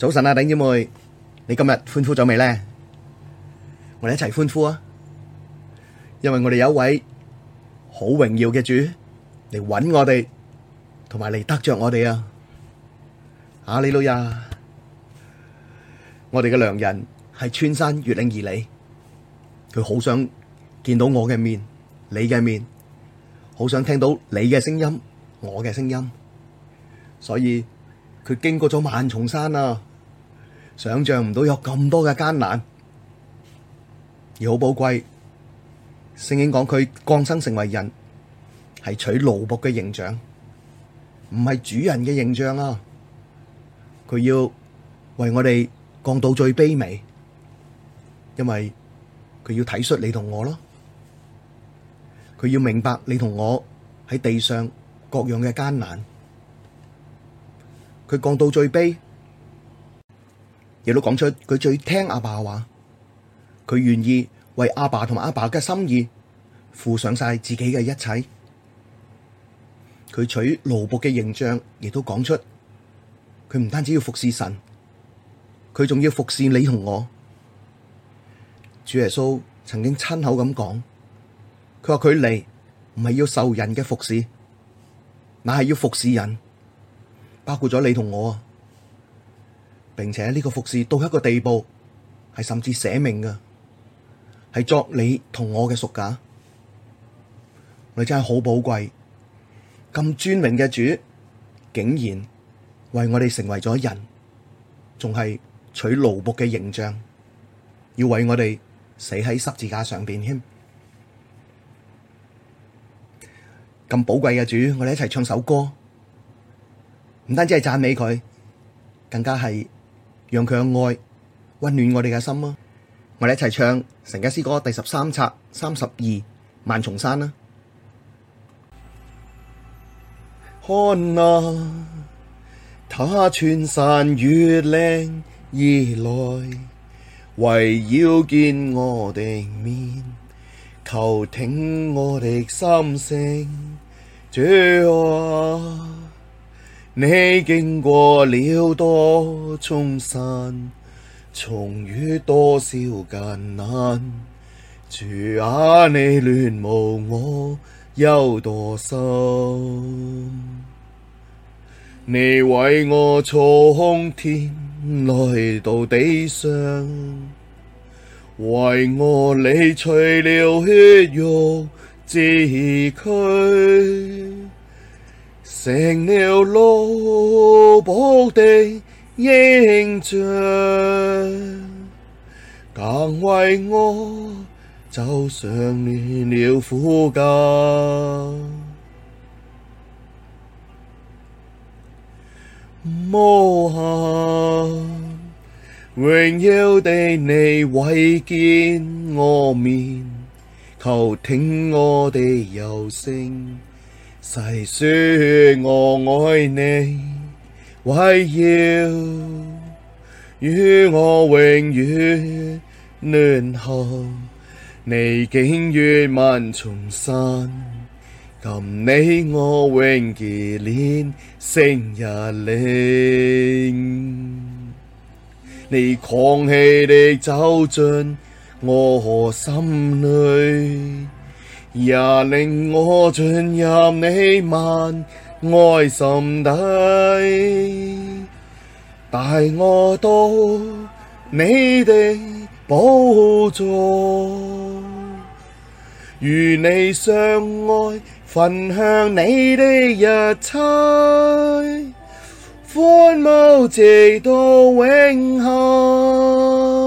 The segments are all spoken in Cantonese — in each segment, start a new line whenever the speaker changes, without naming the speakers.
早晨啊，頂姐妹，你今日歡呼咗未呢？我哋一齊歡呼啊！因為我哋有一位好榮耀嘅主嚟搵我哋，同埋嚟得着我哋啊！啊，阿里路亞，我哋嘅良人係穿山越嶺而嚟，佢好想見到我嘅面、你嘅面，好想聽到你嘅聲音、我嘅聲音，所以佢經過咗萬重山啊！想象唔到有咁多嘅艱難，而好寶貴。聖經講佢降生成為人，係取奴僕嘅形象，唔係主人嘅形象啊！佢要為我哋降到最卑微，因為佢要體恤你同我咯。佢要明白你同我喺地上各樣嘅艱難，佢降到最卑。佢都講出佢最聽阿爸嘅話，佢願意為阿爸同阿爸嘅心意付上晒自己嘅一切。佢取奴僕嘅形象，亦都講出佢唔單止要服侍神，佢仲要服侍你同我。主耶穌曾經親口咁講，佢話佢嚟唔係要受人嘅服侍，乃係要服侍人，包括咗你同我。並且呢個服侍到一個地步，係甚至捨命噶係作你同我嘅贖價，係真係好寶貴。咁尊榮嘅主，竟然為我哋成為咗人，仲係取奴僕嘅形象，要為我哋死喺十字架上邊添。咁寶貴嘅主，我哋一齊唱一首歌，唔單止係讚美佢，更加係。讓佢嘅愛溫暖我哋嘅心啊。我哋一齊唱《神家詩歌》第十三冊三十二《萬重山》啊。看啊，祂躥
山越嶺而來，為要見我哋面，求聽我哋心聲，你經過了多重山，衝越多少艱難，主、啊、你戀慕我有多深。你為我從天來到地上，為我祢取了血肉之軀。成了奴僕的形像，更為我走上了苦架，無限榮耀的祢為見我面，求聽我的柔聲。細說我愛你，為要與我永遠聯合，你經越萬重山，今你我永結連，成一靈，你狂喜地走進我心裡。也領我進入你萬愛心底，帶我到你的寶座，與你相愛，分享你的一切，歡舞直
到永恆。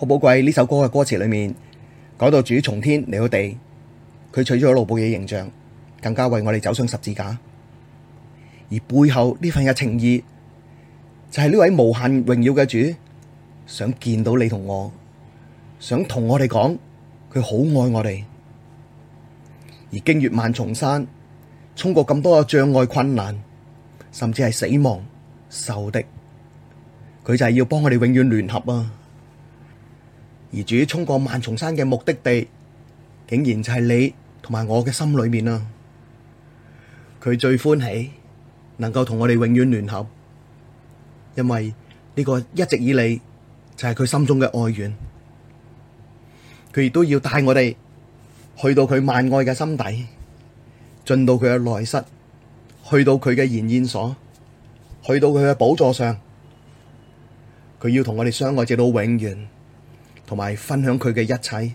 好寶貴，呢首歌嘅歌詞裏面，講到主從天嚟到地，佢取咗奴僕嘅形象，更加為我哋走上十字架，而背後呢份嘅情意，就係、是、呢位無限榮耀嘅主，想見到你同我，想同我哋講，佢好愛我哋，而經越萬重山，衝過咁多嘅障礙困難，甚至係死亡受敵，佢就係要幫我哋永遠聯合啊！而主衝過萬重山嘅目的地，竟然就係你同埋我嘅心裏面啊。佢最歡喜能夠同我哋永遠聯合，因為呢個一直以嚟就係佢心中嘅愛願。佢亦都要帶我哋去到佢萬愛嘅心底，進到佢嘅內室，去到佢嘅顯現所，去到佢嘅寶座上。佢要同我哋相愛，直到永遠。同埋分享佢嘅一切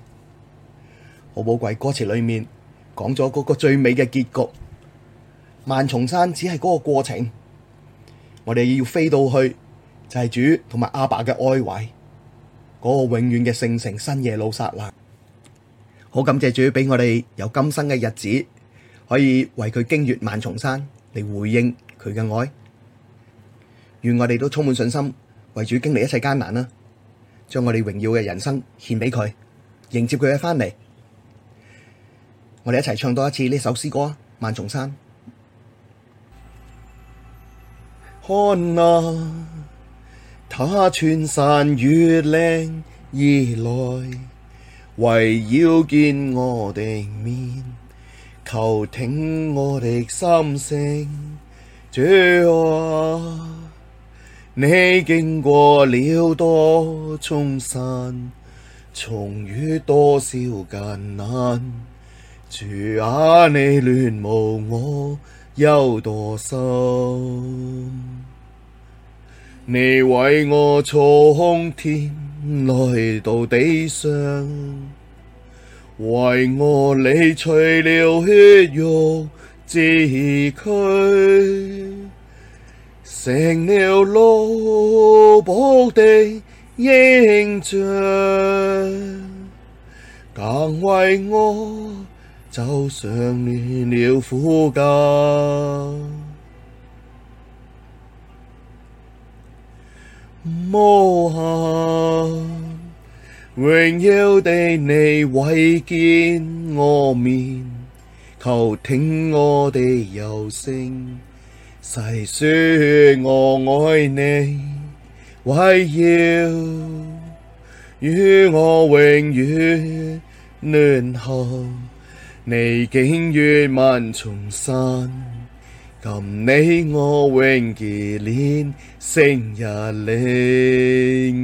好寶貴，歌詞裏面講咗嗰個最美嘅結局，萬重山只係嗰個過程，我哋要飛到去就係、是、主同埋阿爸嘅安慰，嗰、那個永遠嘅聖城新耶路撒冷。好感謝主俾我哋有今生嘅日子，可以為佢經越萬重山嚟回應佢嘅愛。願我哋都充滿信心，為主經歷一切艱難啦！將我哋榮耀嘅人生獻畀佢，迎接佢嘅返嚟，我哋一齊唱多一次呢首詩歌《萬重山》。看 啊樂，他
穿山越嶺而來，為要見我哋面，求聽我哋心聲，主啊！你經過了多少重山，衝越多少艱難，主啊，你戀慕我有多深？你為我從天來到地上，為我你取了血肉之軀。成了奴僕的形像，更為我走上亂了苦架。無限榮耀的你為見我面，求聽我的柔聲。細說我愛你，為要與我永遠聯合。你經越萬重山，及你我永結連成一靈。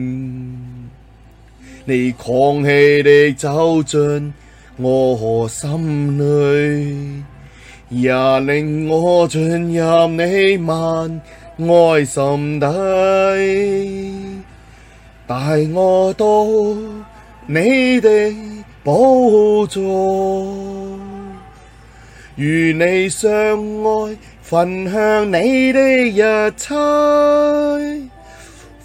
你狂喜地走進我心裡。也令我進入你萬愛心底，帶我到你的寶座，與你相愛，分享你的一切，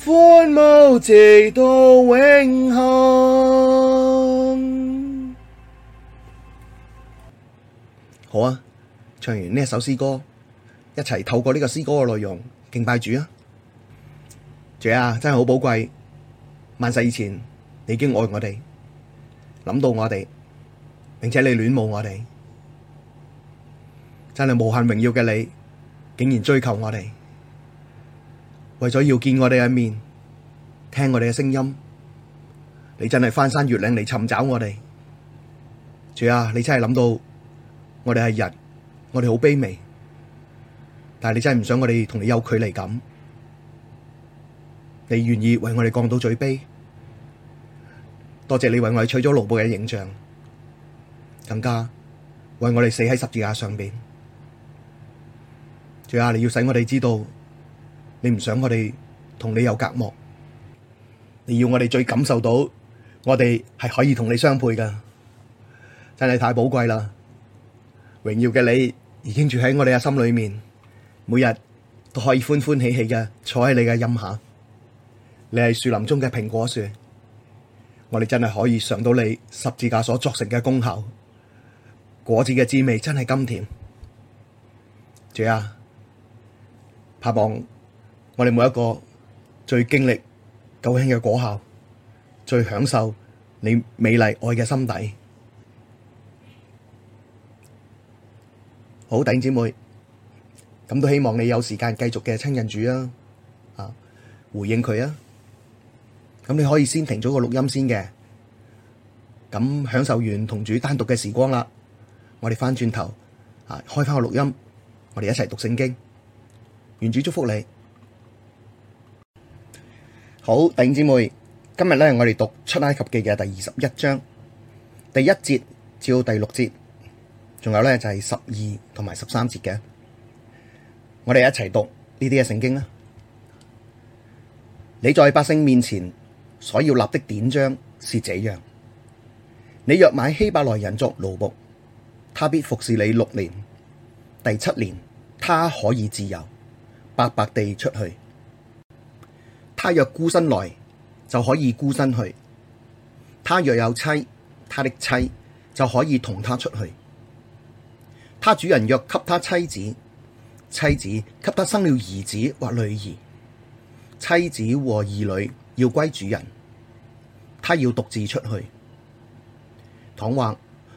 歡舞直到永恆。
好啊。唱完呢一首詩歌，一齊透過呢個詩歌嘅內容敬拜主啊！主啊，真係好寶貴，萬世以前你已經愛我哋，諗到我哋，並且你戀慕我哋，真係無限榮耀嘅你，竟然追求我哋，為咗要見我哋嘅面，聽我哋嘅聲音，你真係翻山越嶺嚟尋找我哋。主啊，你真係諗到我哋係日。我哋好卑微，但係你真係唔想我哋同你有距離感，你願意為我哋降到最卑。多謝你為我哋取咗奴僕嘅形像，更加為我哋死喺十字架上邊。主啊，你要使我哋知道，你唔想我哋同你有隔膜，你要我哋最感受到，我哋係可以同你相配噶，真係太寶貴啦！榮耀嘅你。已經住喺我哋嘅心裏面，每日都可以歡歡喜喜嘅坐喺你嘅蔭下。你係樹林中嘅蘋果樹，我哋真係可以嚐到你十字架所作成嘅功效。果子嘅滋味真係甘甜。主啊，盼望我哋每一個最經歷救恩嘅果效，最享受你美麗愛嘅心底。好，弟兄姊妹，咁都希望你有時間繼續嘅親近主啊，啊，回應佢啊，咁你可以先停咗個錄音先嘅，咁享受完同主單獨嘅時光啦，我哋翻轉頭啊，開翻個錄音，我哋一齊讀聖經。願主祝福你。好，弟兄姊妹，今日咧我哋讀出埃及記嘅第二十一章，第一節至到第六節。仲有呢，就係、是、十二同埋十三節嘅，我哋一齊讀呢啲嘅聖經啦。你在百姓面前所要立的典章是這樣：你若買希伯來人作奴僕，他必服侍你六年；第七年，他可以自由，白白地出去。他若孤身來，就可以孤身去；他若有妻，他的妻就可以同他出去。他主人若給他妻子，妻子給他生了兒子或女兒，妻子和兒女要歸主人，他要獨自出去。倘或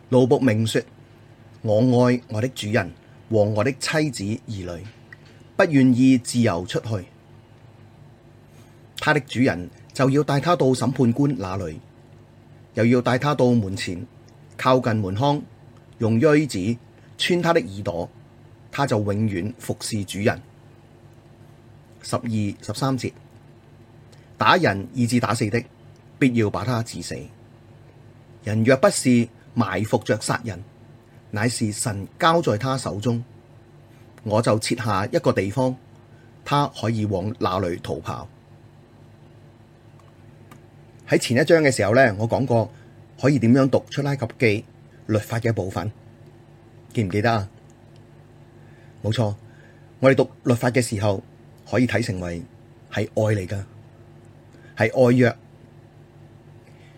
奴僕明說：我愛我的主人和我的妻子兒女，不願意自由出去，他的主人就要帶他到審判官那裡，又要帶他到門前，靠近門框，用錐子。穿他的耳朵，他就永遠服侍主人。十二十三節，打人以致打死的，必要把他治死。人若不是埋伏着殺人，乃是神交在他手中。我就設下一個地方，他可以往那裏逃跑。喺前一章嘅時候呢，我講過可以點樣讀出埃及記律法嘅部分。記唔記得啊？冇錯，我哋讀律法嘅時候可以睇成為係愛嚟噶係愛約。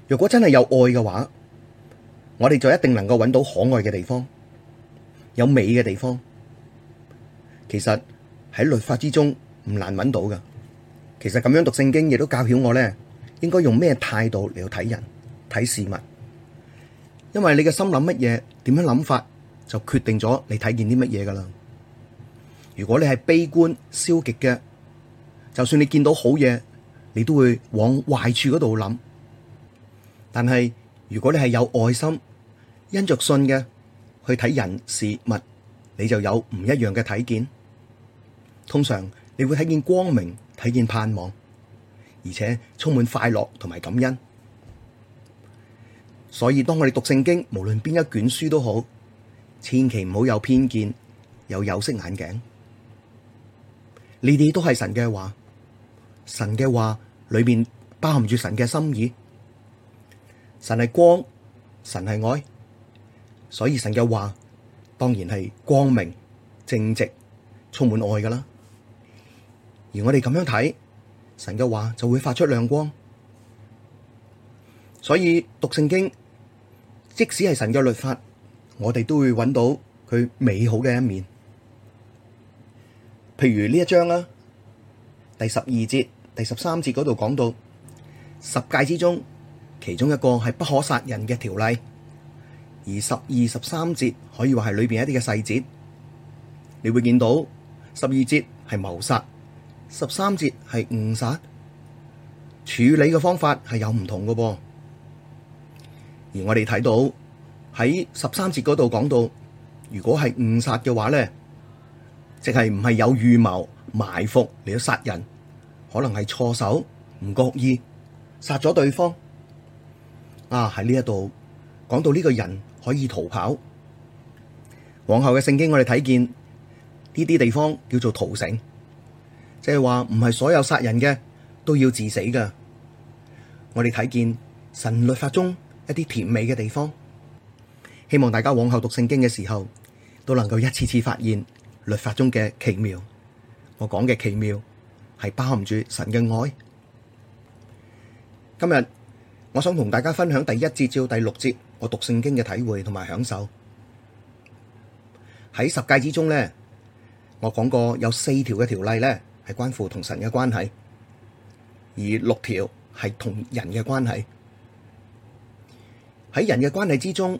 若果真係有愛嘅話，我哋就一定能夠揾到可愛嘅地方，有美嘅地方。其實喺律法之中唔難揾到噶。其實咁樣讀聖經亦都教曉我呢，應該用咩態度嚟到睇人睇事物，因為你嘅心諗乜嘢，點樣諗法。就決定咗你睇見啲乜嘢噶啦。如果你係悲觀、消極嘅，就算你見到好嘢，你都會往壞處嗰度諗。但係如果你係有愛心、因着信嘅去睇人事物，你就有唔一樣嘅睇見。通常你會睇見光明、睇見盼望，而且充滿快樂同埋感恩。所以當我哋讀聖經，無論邊一卷書都好。千祈唔好有偏見，有有色眼鏡。呢啲都係神嘅話，神嘅話裏面包含住神嘅心意。神係光，神係愛，所以神嘅話當然係光明、正直、充滿愛㗎喇。而我哋咁樣睇，神嘅話就會發出亮光。所以讀聖經，即使係神嘅律法。我哋都會揾到佢美好嘅一面，譬如呢一章啦，啊，第十二節、第十三節嗰度講到十誡之中，其中一個係不可殺人嘅條例，而十二十三節可以話係裏邊一啲嘅細節，你會見到十二節係謀殺，十三節係誤殺，處理嘅方法係有唔同嘅噃，而我哋睇到。喺十三節嗰度講到，如果係誤殺嘅話咧，即係唔係有預謀埋伏嚟到殺人，可能係錯手唔覺意殺咗對方啊。喺呢一度講到呢個人可以逃跑，往後嘅聖經我哋睇見呢啲地方叫做逃城，即係話唔係所有殺人嘅都要治死噶。我哋睇見神律法中一啲甜美嘅地方。希望大家往後讀聖經嘅時候都能夠一次次發現律法中嘅奇妙。我講嘅奇妙係包含住神嘅愛。今日我想同大家分享第一節至到第六節我讀聖經嘅體會同埋享受。喺十誡之中咧，我講過有四條嘅條例咧係關乎同神嘅關係，而六條係同人嘅關係。喺人嘅關係之中。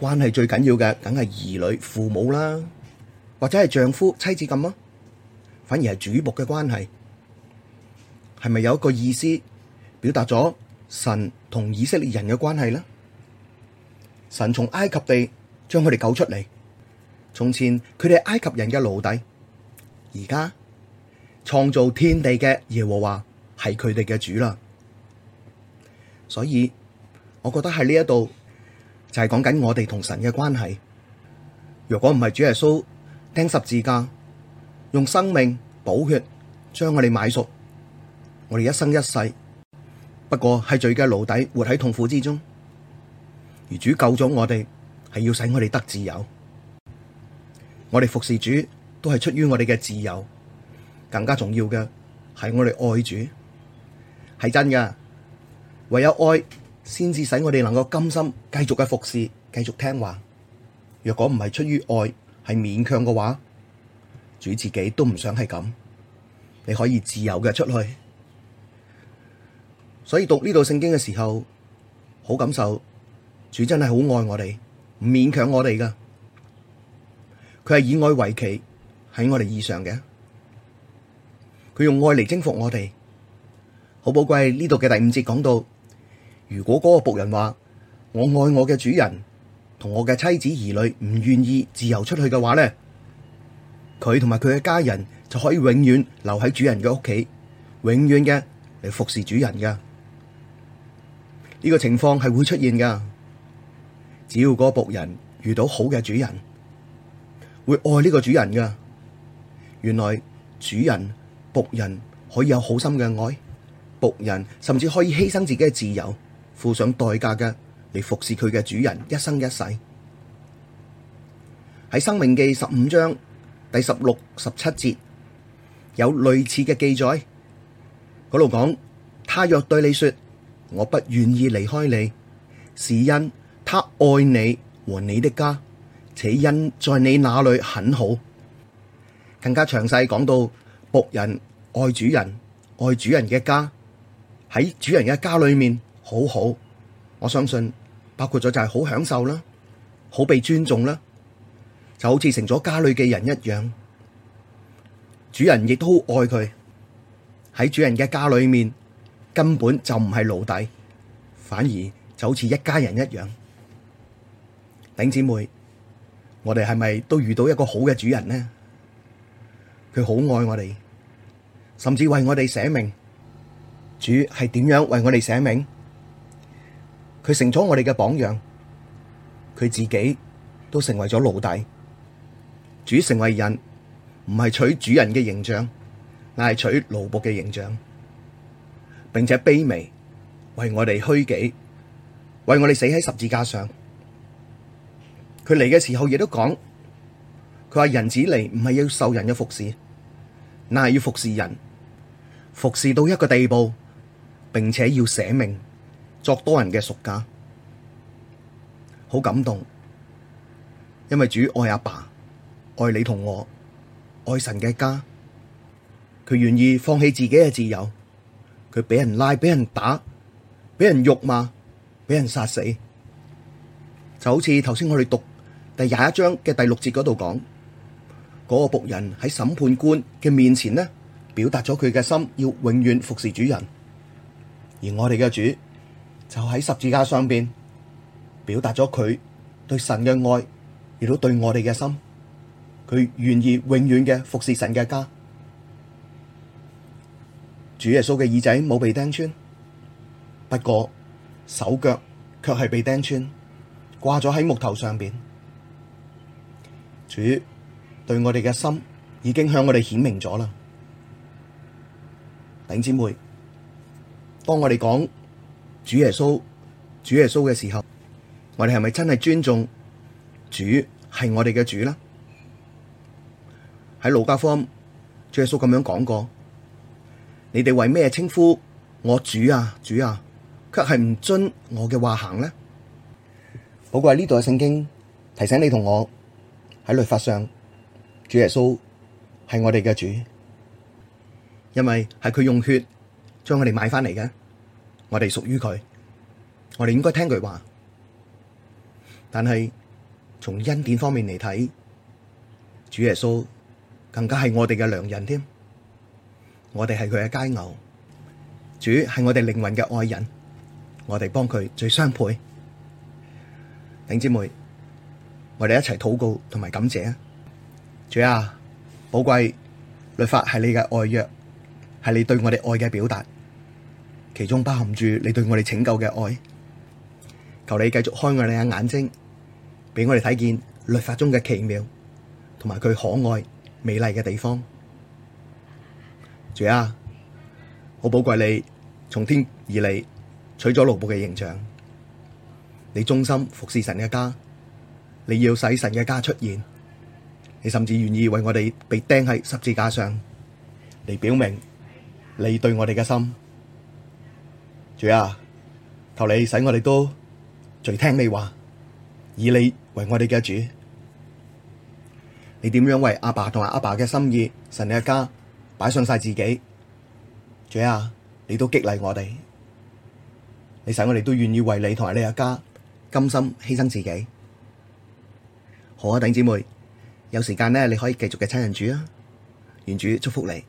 關係最緊要嘅，梗係兒女、父母啦，或者係丈夫、妻子咁咯。反而係主僕嘅關係，係咪有一個意思表達咗神同以色列人嘅關係咧？神從埃及地將佢哋救出嚟，從前佢哋係埃及人嘅奴隸，而家創造天地嘅耶和華係佢哋嘅主啦。所以我覺得喺呢一度。就係講緊我哋同神嘅關係。若果唔係主耶穌釘十字架，用生命補血，將我哋買贖，我哋一生一世不過係罪嘅奴隸，活喺痛苦之中。而主救咗我哋，係要使我哋得自由。我哋服侍主都係出於我哋嘅自由。更加重要嘅係我哋愛主，係真㗎。唯有愛。先至使我哋能夠甘心繼續嘅服侍，繼續聽話。若果唔係出於愛，係勉強嘅話，主自己都唔想係咁。你可以自由嘅出去。所以讀呢度聖經嘅時候，好感受主真係好愛我哋，唔勉強我哋噶。佢係以愛為旗喺我哋以上嘅，佢用愛嚟征服我哋。好寶貴呢度嘅第五節講到。如果嗰個僕人話，我愛我嘅主人，同我嘅妻子兒女唔願意自由出去嘅話呢，佢同埋佢嘅家人就可以永遠留喺主人嘅屋企，永遠嘅嚟服侍主人噶。呢、這個情況係會出現噶，只要嗰個僕人遇到好嘅主人，會愛呢個主人噶。原來主人僕人可以有好心嘅愛，僕人甚至可以犧牲自己嘅自由。付上代價嘅嚟服侍佢嘅主人，一生一世。喺《申命記》十五章第十六、十七節有類似嘅記載，嗰度講：他若對你說，我不願意離開你，是因他愛你和你的家，且因在你那裏很好。更加詳細講到僕人愛主人，愛主人嘅家喺主人嘅家裏面。好好，我相信包括咗就係好享受啦，好被尊重啦，就好似成咗家裏嘅人一樣。主人亦都好愛佢喺主人嘅家裏面，根本就唔係奴隸，反而就好似一家人一樣。頂姊妹，我哋係咪都遇到一個好嘅主人呢？佢好愛我哋，甚至為我哋捨命。主係點樣為我哋捨命？佢成咗我哋嘅榜樣，佢自己都成為咗奴隸，主成為人，唔係取主人嘅形象，乃係取奴僕嘅形象，並且卑微為我哋虛己，為我哋死喺十字架上。佢嚟嘅時候亦都講，佢話人子嚟唔係要受人嘅服侍，乃係要服侍人，服侍到一個地步，並且要捨命。作多人嘅屬家，好感動，因為主愛阿爸，愛你同我，愛神嘅家。佢願意放棄自己嘅自由，佢俾人拉，俾人打，俾人辱罵，俾人殺死，就好似頭先我哋讀第廿一章嘅第六節嗰度講，嗰個僕人喺審判官嘅面前呢，表達咗佢嘅心，要永遠服侍主人，而我哋嘅主。就喺十字架上邊表達咗佢對神嘅愛，亦都對我哋嘅心，佢願意永遠嘅服侍神嘅家。主耶穌嘅耳仔冇被釘穿，不過手腳卻係被釘穿，掛咗喺木頭上邊。主對我哋嘅心已經向我哋顯明咗啦。頂姊妹，當我哋講。主耶穌，主耶穌嘅時候，我哋係咪真係尊重主係我哋嘅主呢？喺路加福音，主耶穌咁樣講過：你哋為咩稱呼我主啊，主啊，卻係唔遵我嘅話行呢。」好過喺呢度嘅聖經提醒你同我喺律法上，主耶穌係我哋嘅主，因為係佢用血將我哋買翻嚟嘅。我哋屬於佢，我哋應該聽佢話。但係從恩典方面嚟睇，主耶穌更加係我哋嘅良人添。我哋係佢嘅佳偶，主係我哋靈魂嘅愛人，我哋幫佢最相配。弟兄姊妹，我哋一齊禱告同埋感謝啊！主啊，寶貴律法係你嘅愛約，係你對我哋愛嘅表達。其中包含住你對我哋拯救嘅愛，求你繼續開我哋嘅眼睛，俾我哋睇見律法中嘅奇妙同埋佢可愛美麗嘅地方。主啊，我寶貴你從天而嚟，取咗奴僕嘅形象，你忠心服侍神嘅家，你要使神嘅家出現，你甚至願意為我哋被釘喺十字架上嚟表明你對我哋嘅心。主啊，求你使我哋都隨聽你話，以你為我哋嘅主。你點樣為阿爸同埋阿爸嘅心意，神你嘅家擺上晒自己？主啊，你都激勵我哋，你使我哋都願意為你同埋你嘅家甘心犧牲自己。好啊，弟兄姊妹，有時間呢，你可以繼續嘅親近主啊。願主祝福你。